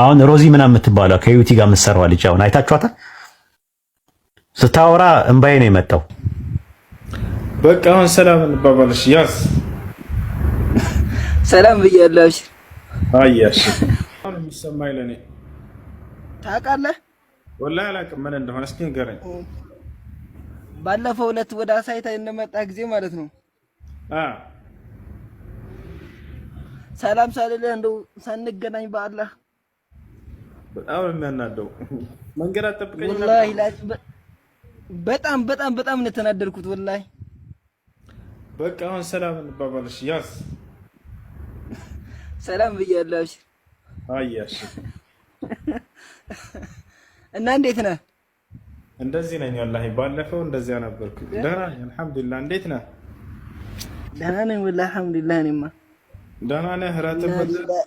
አሁን ሮዚ ምናምን የምትባለው ከዩቲ ጋር የምትሰራው ልጅ አሁን አይታችኋታል። ስታወራ እምባዬ ነው የመጣው። በቃ አሁን ሰላም እንባባለሽ። ያስ ሰላም ብያለሁ። አብሽር አያሽ አሁን የሚሰማኝ ለኔ ታውቃለህ፣ ወላሂ አላውቅም ምን እንደሆነ እስኪ ንገረኝ። ባለፈው ዕለት ወደ አሳይታ እንደመጣ ጊዜ ማለት ነው አ ሰላም ሳልልህ እንደው ሳንገናኝ በአላህ በጣም ነው የሚያናደው። መንገድ አጠብቀኝ። ወላሂ በጣም በጣም በጣም ነው የተናደድኩት። ወላሂ በቃ አሁን ሰላም እንባባልሽ። ያስ ሰላም ብያለሁ። አብሽር አያሽ እና እንዴት ነህ? እንደዚህ ነኝ ወላሂ። ባለፈው እንደዚያ ነበርኩ። ደህና ነኝ አልሐምዱሊላህ። እንዴት ነህ? ደህና ነኝ ወላሂ አልሐምዱሊላህ። እኔማ ደህና ነህ? እራትህ በላህ?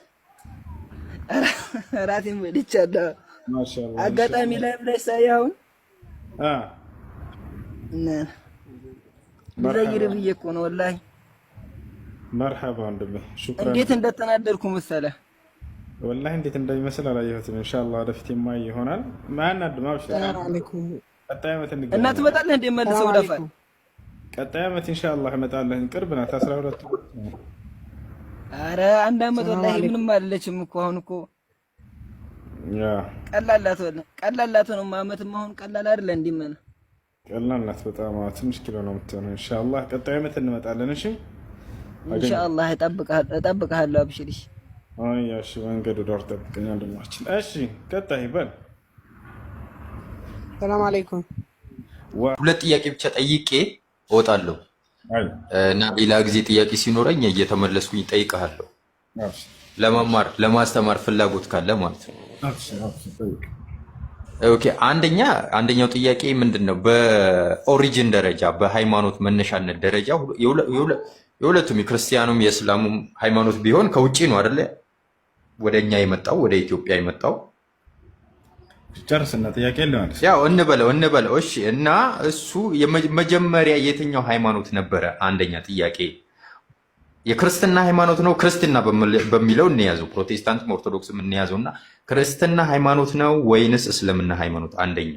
እራቴን በልቻለሁ። አጋጣሚ ላይ ብለሽ ሳይሆን ዘይር ብዬ እኮ ነው ወላሂ። መርሐባ ወንድሜ፣ እንዴት እንደተናደድኩ መሰለህ ወላሂ። እንዴት እንደሚመስል አላየሁትም። ኢንሻአላህ ወደፊት የማይ ይሆናል። ማያናድም እና ትመጣለህ። እንደ መልሰው ደፋል። ቀጣይ ዓመት ኢንሻአላህ እመጣለሁ። ቅርብ ናት አስራ ሁለት አረ አንድ አመት ወላሂ ምንም አይደለችም እኮ አሁን እኮ ቀላላት ወላሂ ቀላላት ነው። አመትም አሁን ቀላል አይደለ እንዲመን ቀላላት በጣም ትንሽ ኪሎ ነው የምትሆነው። ኢንሻአላህ ቀጣይ አመት እንመጣለን። እሺ ኢንሻአላህ እጠብቅሃለሁ፣ እጠብቅሃለሁ። አብሽሪ። አይ ያሽ መንገዱ ዶር ጠብቀኝ ወንድማችን። እሺ ቀጣይ በል። ሰላም አለይኩም። ሁለት ጥያቄ ብቻ ጠይቄ እወጣለሁ። እና ሌላ ጊዜ ጥያቄ ሲኖረኝ እየተመለስኩኝ ጠይቀሃለሁ። ለመማር ለማስተማር ፍላጎት ካለ ማለት ነው። ኦኬ አንደኛ አንደኛው ጥያቄ ምንድን ነው? በኦሪጂን ደረጃ በሃይማኖት መነሻነት ደረጃ የሁለቱም የክርስቲያኑም የእስላሙም ሃይማኖት ቢሆን ከውጭ ነው አደለ ወደ እኛ የመጣው ወደ ኢትዮጵያ የመጣው ጨርስና ጥያቄ ልመልስ። ያው እንበለው እንበለው እሺ። እና እሱ መጀመሪያ የትኛው ሃይማኖት ነበረ? አንደኛ ጥያቄ የክርስትና ሃይማኖት ነው። ክርስትና በሚለው እንያዘው፣ ፕሮቴስታንትም ኦርቶዶክስም እንያዘው እና ክርስትና ሃይማኖት ነው ወይንስ እስልምና ሃይማኖት? አንደኛ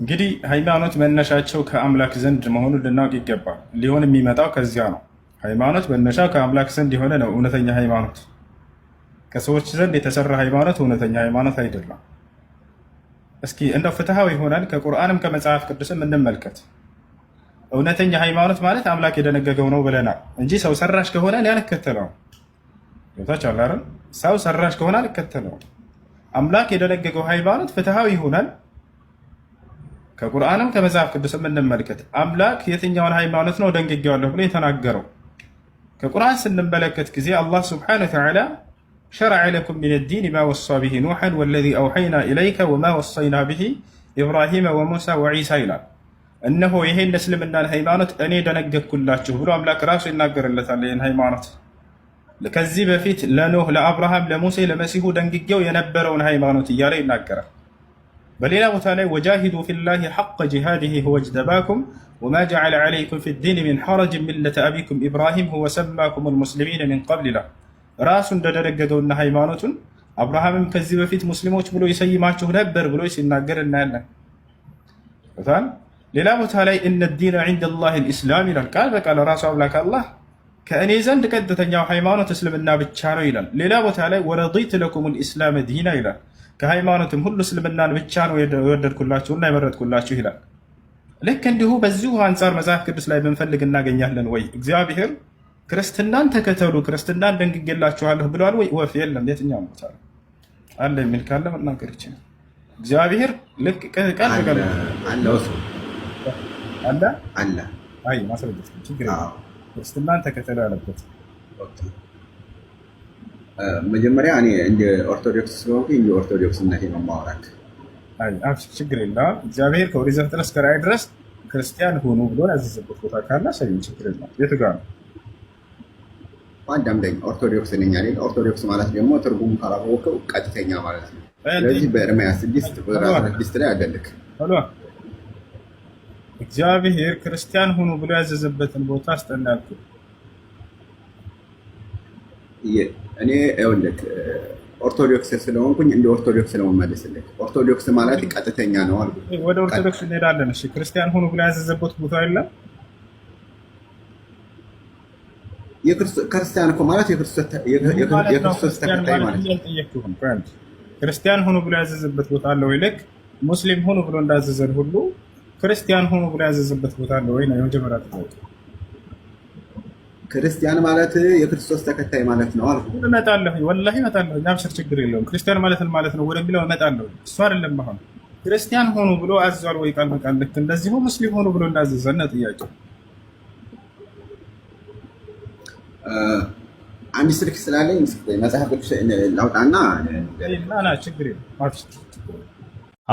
እንግዲህ ሃይማኖት መነሻቸው ከአምላክ ዘንድ መሆኑን ልናውቅ ይገባል። ሊሆን የሚመጣው ከዚያ ነው። ሃይማኖት መነሻ ከአምላክ ዘንድ የሆነ ነው እውነተኛ ሃይማኖት ከሰዎች ዘንድ የተሰራ ሃይማኖት እውነተኛ ሃይማኖት አይደለም። እስኪ እንደው ፍትሃዊ ሆነን ከቁርአንም ከመጽሐፍ ቅዱስም እንመልከት። እውነተኛ ሃይማኖት ማለት አምላክ የደነገገው ነው ብለናል እንጂ ሰው ሰራሽ ከሆነ ያልከተለው ታች አላርን ሰው ሰራሽ ከሆነ አልከተለው። አምላክ የደነገገው ሃይማኖት ፍትሃዊ ሆነን ከቁርአንም ከመጽሐፍ ቅዱስም እንመልከት። አምላክ የትኛውን ሃይማኖት ነው ደንግጌዋለሁ ብሎ የተናገረው? ከቁርአን ስንመለከት ጊዜ አላህ ስብሐነሁ ወተዓላ شرع لكم من الدين ما وصى به نوحا والذي أوحينا إليك وما وصينا به إبراهيم وموسى وعيسى إلى أنه يهين نسلم أن الهيمانة أني دنقد كل شهور أملاك راس ينقر إلا ثالي الهيمانة لكذب فيت لنوه لأبراهام لموسى لمسيه دنقد ينبرون هيمانة يالي ينقر بل إلى مثالي وجاهدوا في الله حق جهاده هو اجتباكم وما جعل عليكم في الدين من حرج ملة أبيكم إبراهيم هو سماكم المسلمين من قبل له ራሱ እንደደነገገውና ሃይማኖቱን አብርሃምም ከዚህ በፊት ሙስሊሞች ብሎ ይሰይማችሁ ነበር ብሎ ሲናገር እናያለን። ሌላ ቦታ ላይ እነ ዲነ ዒንደላሂ ልእስላም ይላል። ቃል በቃል ራሱ አምላክ አላህ ከእኔ ዘንድ ቀጥተኛው ሃይማኖት እስልምና ብቻ ነው ይላል። ሌላ ቦታ ላይ ወረዲት ለኩም ልእስላም ዲና ይላል። ከሃይማኖትም ሁሉ እስልምናን ብቻ ነው የወደድኩላችሁና የመረጥኩላችሁ ይላል። ልክ እንዲሁ በዚሁ አንጻር መጽሐፍ ቅዱስ ላይ ብንፈልግ እናገኛለን ወይ እግዚአብሔር ክርስትናን ተከተሉ ክርስትናን ደንግጌላችኋለሁ ብለዋል ወይ? ወፍ የለም። የትኛው ቦታ አለ የሚል ካለ መናገር ይችላል። እግዚአብሔር ልክ ቀን አለ አለ። አይ ማስረጀት ችግር ክርስትናን ተከተሉ ያለበት መጀመሪያ እኔ እንደ ኦርቶዶክስ ስለሆንኩ እንደ ኦርቶዶክስነት ነው የማወራት። ችግር የለም። እግዚአብሔር ከኦሪት ዘፍጥረት እስከ ራዕይ ድረስ ክርስቲያን ሆኑ ብሎ ያዘዘበት ቦታ ካለ ሰሚ ችግር የለም። የቱ ጋ ነው? አንድ አምደኛ ኦርቶዶክስ ነኝ አለኝ። ኦርቶዶክስ ማለት ደግሞ ትርጉም ካላወቀው ቀጥተኛ ማለት ነው። ስለዚህ በኤርምያስ ስድስት ቁጥር ስድስት ላይ አደልክ እግዚአብሔር ክርስቲያን ሁኑ ብሎ ያዘዘበትን ቦታ አስጠናልኩ። እኔ ውልክ ኦርቶዶክስ ስለሆንኩኝ እንደ ኦርቶዶክስ ነው መልስልክ። ኦርቶዶክስ ማለት ቀጥተኛ ነው አልኩህ። ወደ ኦርቶዶክስ እንሄዳለን። ክርስቲያን ሁኑ ብሎ ያዘዘበት ቦታ የለም ክርስቲያን እኮ ማለት የክርስቶስ ተከታይ ማለት ክርስቲያን ሆኖ ብሎ ያዘዘበት ቦታ አለ ወይ? ልክ ሙስሊም ሆኖ ብሎ እንዳዘዘን ሁሉ ክርስቲያን ሆኖ ብሎ ያዘዘበት ቦታ አለ ወይ ነው የመጀመሪያ ጥያቄ። ክርስቲያን ማለት የክርስቶስ ተከታይ ማለት ነው አልኩ። እመጣለሁ፣ ወላሂ እመጣለሁ። እኛ ብስር ችግር የለውም። ክርስቲያን ማለት ማለት ነው ወደሚለው እመጣለሁ። እሱ አይደለም አሁን ክርስቲያን ሆኖ ብሎ አዟል ወይ ቃል በቃል ልክ እንደዚሁ ሙስሊም ሆኖ ብሎ እንዳዘዘን ነው ጥያቄው። አንድ ስልክ ስላለኝ መጽሐፍ ቅዱስ ላውጣና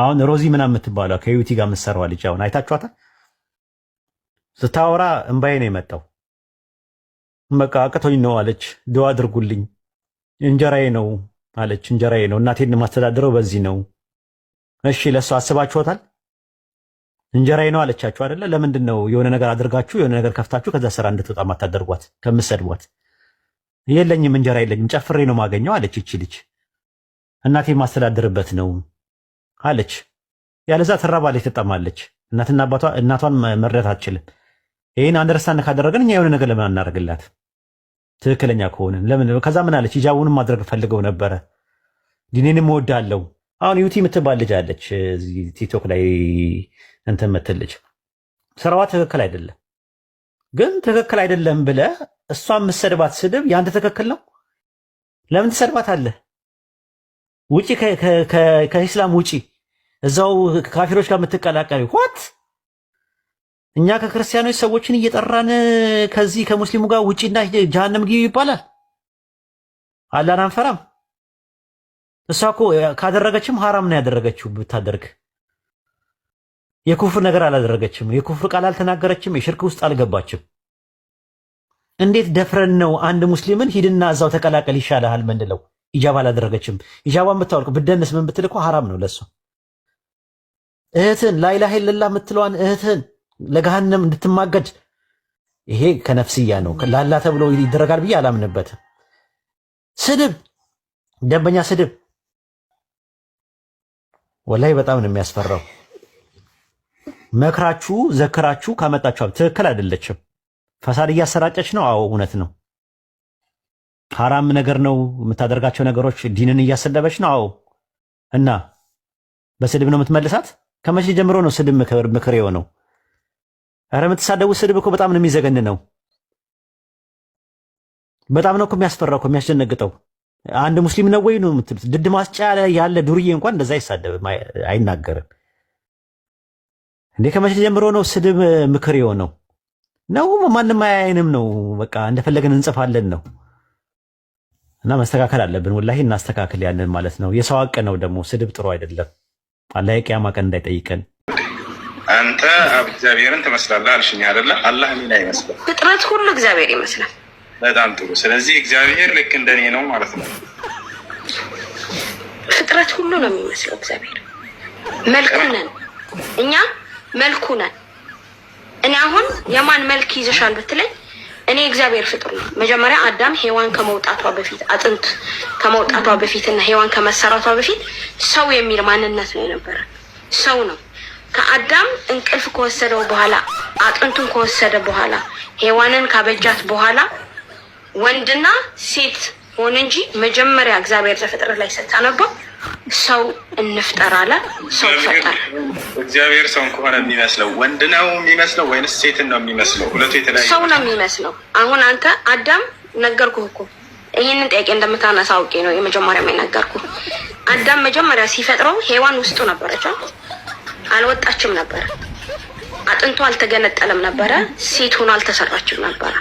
አሁን ሮዚ ምናምን የምትባለው ከዩቲ ጋር የምትሰራዋ ልጅ አሁን አይታችኋታል። ስታወራ እምባዬ ነው የመጣው። በቃ አቅቶኝ ነው አለች። ድዋ አድርጉልኝ እንጀራዬ ነው አለች። እንጀራዬ ነው እናቴን ማስተዳድረው በዚህ ነው። እሺ ለእሱ አስባችኋታል? እንጀራዬ ነው አለቻችሁ አይደለ? ለምንድን ነው የሆነ ነገር አድርጋችሁ የሆነ ነገር ከፍታችሁ ከዛ ስራ እንድትወጣ ማታደርጓት? ከምትሰድቧት የለኝም እንጀራ የለኝም ጨፍሬ ነው ማገኘው አለች። ይቺ ልጅ እናቴ ማስተዳድርበት ነው አለች። ያለዛ ትራባለች፣ ትጠማለች። እናትና አባቷ እናቷን መርዳት አትችልም። ይህን አንደርስታንድ ካደረገን እኛ የሆነ ነገር ለምን አናደርግላት? ትክክለኛ ከሆነ ለምን ከዛ ምን አለች? ሂጃቡንም ማድረግ ፈልገው ነበረ ዲኔንም እወዳለሁ አሁን ዩቲ የምትባል ልጅ አለች ቲክቶክ ላይ እንትን የምትል ልጅ ስራዋ ትክክል አይደለም፣ ግን ትክክል አይደለም ብለ እሷ የምትሰድባት ስድብ የአንተ ትክክል ነው። ለምን ትሰድባት አለ? ውጪ ከኢስላም ውጪ እዛው ካፊሮች ጋር የምትቀላቀል ት እኛ ከክርስቲያኖች ሰዎችን እየጠራን ከዚህ ከሙስሊሙ ጋር ውጪና ጀሃነም ግቢ ይባላል። አላህን አንፈራም። እሷ እኮ ካደረገችም ሐራም ነው ያደረገችው። ብታደርግ የኩፍር ነገር አላደረገችም፣ የኩፍር ቃል አልተናገረችም፣ የሽርክ ውስጥ አልገባችም። እንዴት ደፍረን ነው አንድ ሙስሊምን ሂድና እዛው ተቀላቀል ይሻልሃል ምንለው? ኢጃባ አላደረገችም። ኢጃባን ብታወልቅ ብደንስ ምን ብትል እኮ ሐራም ነው ለሷ። እህትን ላኢላሃ ኢለላህ የምትለዋን እህትን ለገሃነም እንድትማገድ ይሄ ከነፍስያ ነው ላላ ተብሎ ይደረጋል ብዬ አላምንበትም። ስድብ፣ ደንበኛ ስድብ ወላይ በጣም ነው የሚያስፈራው። መክራችሁ ዘክራችሁ ካመጣችሁ ትክክል አይደለችም። ፈሳድ እያሰራጨች ነው። አዎ እውነት ነው። ሀራም ነገር ነው የምታደርጋቸው ነገሮች። ዲንን እያሰደበች ነው። አዎ እና በስድብ ነው የምትመልሳት። ከመቼ ጀምሮ ነው ስድብ ምክር የሆነው? ኧረ የምትሳደቡት ስድብ እኮ በጣም ነው የሚዘገን ነው። በጣም ነው እኮ የሚያስፈራው እኮ የሚያስደነግጠው። አንድ ሙስሊም ነው ወይ ነው የምትሉት? ድድ ማስጫ ያለ ዱርዬ እንኳን እንደዛ አይሳደብም፣ አይናገርም። እንዴ ከመቼ ጀምሮ ነው ስድብ ምክር የሆነው? ነው ማንም አያየንም ነው በቃ እንደፈለግን እንጽፋለን ነው። እና መስተካከል አለብን። ወላሂ እናስተካክል ያንን ማለት ነው። የሰው ሀቅ ነው ደግሞ ስድብ ጥሩ አይደለም። አላህ የቂያማ ቀን እንዳይጠይቀን። አንተ እግዚአብሔርን ትመስላለህ አልሽኝ አይደለ? አላህ ሚና ይመስላል። ፍጥረት ሁሉ እግዚአብሔር ይመስላል። በጣም ጥሩ። ስለዚህ እግዚአብሔር ልክ እንደኔ ነው ማለት ነው። ፍጥረት ሁሉ ነው የሚመስለው እግዚአብሔር። መልኩ ነን እኛ መልኩ ነን። እኔ አሁን የማን መልክ ይዘሻል ብትለኝ እኔ እግዚአብሔር ፍጡር ነው። መጀመሪያ አዳም ሔዋን ከመውጣቷ በፊት አጥንት ከመውጣቷ በፊት እና ሔዋን ከመሰራቷ በፊት ሰው የሚል ማንነት ነው የነበረ ሰው ነው። ከአዳም እንቅልፍ ከወሰደው በኋላ አጥንቱን ከወሰደ በኋላ ሔዋንን ካበጃት በኋላ ወንድና ሴት ሆን እንጂ መጀመሪያ እግዚአብሔር ዘፍጥረት ላይ ስታነበው ሰው እንፍጠር አለ። ሰው ፈጠረ። እግዚአብሔር ሰውን ከሆነ የሚመስለው ወንድ ነው የሚመስለው ወይንስ ሴትን ነው የሚመስለው? ሁለቱ የተለያዩ ሰው ነው የሚመስለው። አሁን አንተ አዳም ነገርኩህ እኮ ይህንን ጥያቄ እንደምታነሳ አውቄ ነው የመጀመሪያ የነገርኩ። አዳም መጀመሪያ ሲፈጥረው ሔዋን ውስጡ ነበረች፣ አልወጣችም ነበረ። አጥንቱ አልተገነጠለም ነበረ። ሴት ሆኖ አልተሰራችም ነበረ።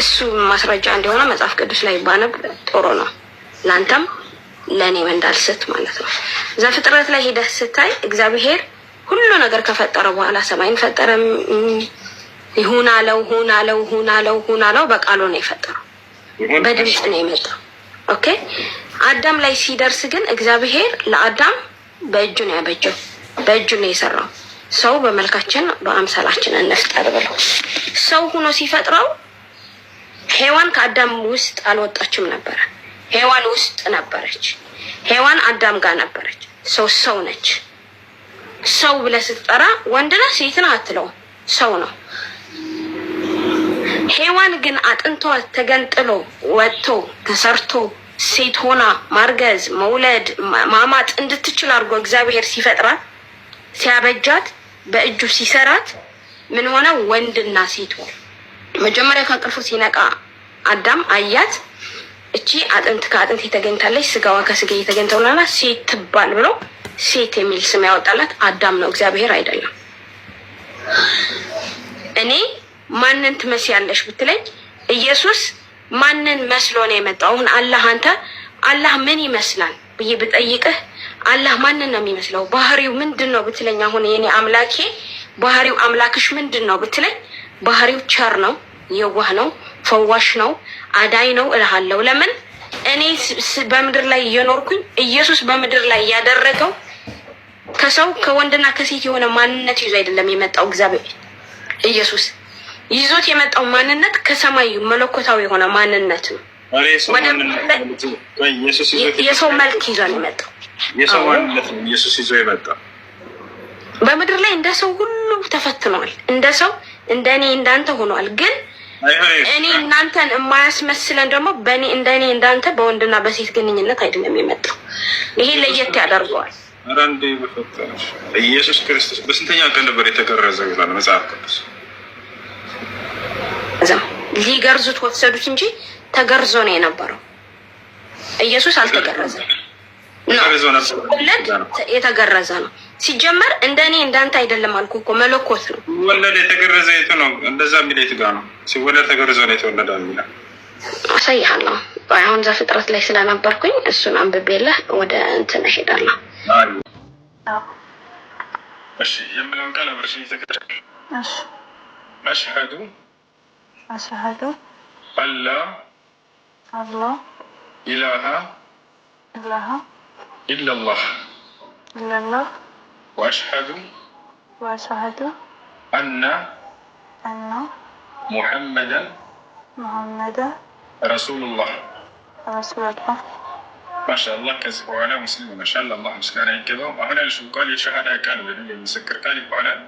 እሱ ማስረጃ እንደሆነ መጽሐፍ ቅዱስ ላይ ባነብ ጥሩ ነው፣ ለአንተም ለእኔም እንዳልስት ማለት ነው። ዘፍጥረት ላይ ሂደህ ስታይ እግዚአብሔር ሁሉ ነገር ከፈጠረ በኋላ ሰማይን ፈጠረ። ይሁን አለው፣ ሁን አለው፣ ሁን አለው፣ ሁን አለው። በቃሉ ነው የፈጠረው፣ በድምፅ ነው የመጣው። ኦኬ አዳም ላይ ሲደርስ ግን እግዚአብሔር ለአዳም በእጁ ነው ያበጀው፣ በእጁ ነው የሰራው። ሰው በመልካችን በአምሳላችን እንፍጠር ብለው ሰው ሁኖ ሲፈጥረው ሄዋን ከአዳም ውስጥ አልወጣችም ነበረ። ሄዋን ውስጥ ነበረች። ሄዋን አዳም ጋር ነበረች። ሰው ሰው ነች። ሰው ብለህ ስትጠራ ወንድና ሴትን አትለውም፣ ሰው ነው። ሄዋን ግን አጥንቷ ተገንጥሎ ወጥቶ ተሰርቶ ሴት ሆና ማርገዝ፣ መውለድ፣ ማማጥ እንድትችል አድርጎ እግዚአብሔር ሲፈጥራት ሲያበጃት፣ በእጁ ሲሰራት ምን ሆነ? ወንድና ሴት ሆነ። መጀመሪያ ከእንቅልፉ ሲነቃ አዳም አያት። እቺ አጥንት ከአጥንት የተገኝታለች፣ ስጋዋ ከስጋ የተገኝተውላና ሴት ትባል ብሎ ሴት የሚል ስም ያወጣላት አዳም ነው፣ እግዚአብሔር አይደለም። እኔ ማንን ትመስያለሽ ብትለኝ ኢየሱስ ማንን መስሎ ነው የመጣው? አሁን አላህ አንተ አላህ ምን ይመስላል ብዬ ብጠይቅህ አላህ ማንን ነው የሚመስለው? ባህሪው ምንድን ነው ብትለኝ አሁን የኔ አምላኬ ባህሪው አምላክሽ ምንድን ነው ብትለኝ ባህሪው ቸር ነው የዋህ ነው፣ ፈዋሽ ነው፣ አዳይ ነው እልሃለሁ። ለምን እኔ በምድር ላይ እየኖርኩኝ ኢየሱስ በምድር ላይ ያደረገው ከሰው ከወንድና ከሴት የሆነ ማንነት ይዞ አይደለም የመጣው። እግዚአብሔር ኢየሱስ ይዞት የመጣው ማንነት ከሰማይ መለኮታዊ የሆነ ማንነት ነው። የሰው መልክ ይዟል የመጣው የሰው ማንነት ነው ኢየሱስ ይዞ የመጣው። በምድር ላይ እንደ ሰው ሁሉ ተፈትነዋል። እንደ ሰው እንደ እኔ እንዳንተ ሆነዋል ግን እኔ እናንተን የማያስመስለን ደግሞ በእኔ እንደኔ እንዳንተ በወንድና በሴት ግንኙነት አይደለም የመጣው። ይሄ ለየት ያደርገዋል። ኢየሱስ ክርስቶስ በስንተኛ ቀን ነበር የተገረዘው ይላል መጽሐፍ ቅዱስ። ሊገርዙት ወሰዱት እንጂ ተገርዞ ነው የነበረው። ኢየሱስ አልተገረዘም። ወለድ የተገረዘ ነው። ሲጀመር እንደ እኔ እንዳንተ አይደለም አልኩ እኮ መለኮት ነው። ወለድ የተገረዘ የቱ ነው? እንደዛ የሚለው የቱ ጋር ነው? ሲወለድ ተገርዞ ነው የተወለደ የሚለው አሳይሃለሁ። አሁን ዘፍጥረት ላይ ስለነበርኩኝ እሱን አንብቤለህ ወደ እንትን እሄዳለሁ። የሚለውን ቃል አብረሽ ተገረሽ አሽሀዱ አሽሀዱ አላ አላ ኢላሃ ኢላሃ إلا الله إلا الله وأشهد وأشهد أن أن محمدا محمدا رسول الله رسول الله ما شاء الله كذب وعلى مسلم ما شاء الله الله عليه كذا وأنا شو قال شهادة كان بدي مسكر كان وعلا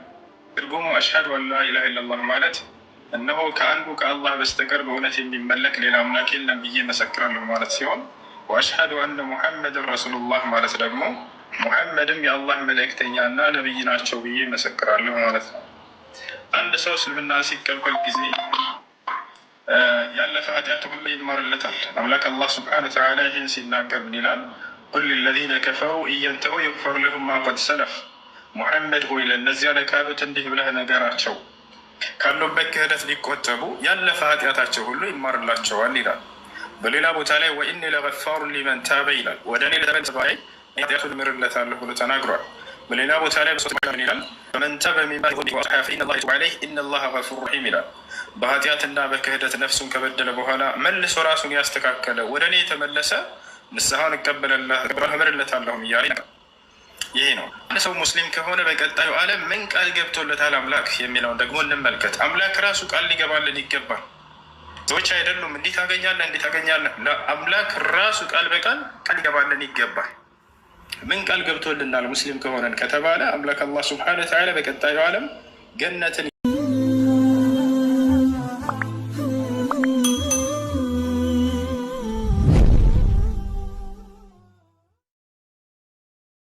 ترجمه أشهد أن لا إله إلا الله مالت أنه كأنه كالله بستقر بأونة من ملك لنا منك إلا بيجي مسكرا لمالت سيون ወአሽሀዱ አነ ሙሐመድን ረሱሉላህ ማለት ደግሞ ሙሐመድም የአላህ መልእክተኛ እና ነቢይ ናቸው ብዬ መሰክራለሁ ማለት ነው። አንድ ሰው እስልምና ሲቀበል ጊዜ ያለፈ ኃጢአት ሁሉ ይማርለታል። አምላክ አላህ ስብሐነ ወተዓላ ይህን ሲናገር ምን ይላል? ቁል ለዚነ ከፈሩ እየንተው ይክፈር ለሁም ማ ቀድ ሰለፍ። ሙሐመድ ሆይ ለእነዚያ ለካዱት እንዲህ ብለህ ነገራቸው ካሉበት ክህደት ሊቆጠቡ ያለፈ ኃጢአታቸው ሁሉ ይማርላቸዋል ይላል። በሌላ ቦታ ላይ ወኢኒ ለገፋሩ ሊመን ታበ ይላል። ወደ እኔ ለተመለሰ ባሪያዬ ያቱን ብሎ ተናግሯል። በሌላ ቦታ ላይ ይላል ፈመን ታበ ኢነላሃ ገፉሩ ረሒም ይላል። በኃጢአትና በክህደት ነፍሱን ከበደለ በኋላ መልሶ ራሱን ያስተካከለ ወደ እኔ የተመለሰ ንስሐውን እቀበልለታለሁም እያለ ይሄ ነው። አንድ ሰው ሙስሊም ከሆነ በቀጣዩ ዓለም ምን ቃል ገብቶለታል አምላክ የሚለውን ደግሞ እንመልከት። አምላክ ራሱ ቃል ሊገባልን ይገባል። ሰዎች አይደሉም። እንዴት ታገኛለህ? እንዴት ታገኛለህ? ለአምላክ ራሱ ቃል በቃል ቃል ገባለን ይገባል። ምን ቃል ገብቶልናል? ሙስሊም ከሆነን ከተባለ አምላክ አላህ ስብሐነ ወተዓላ በቀጣዩ ዓለም ገነትን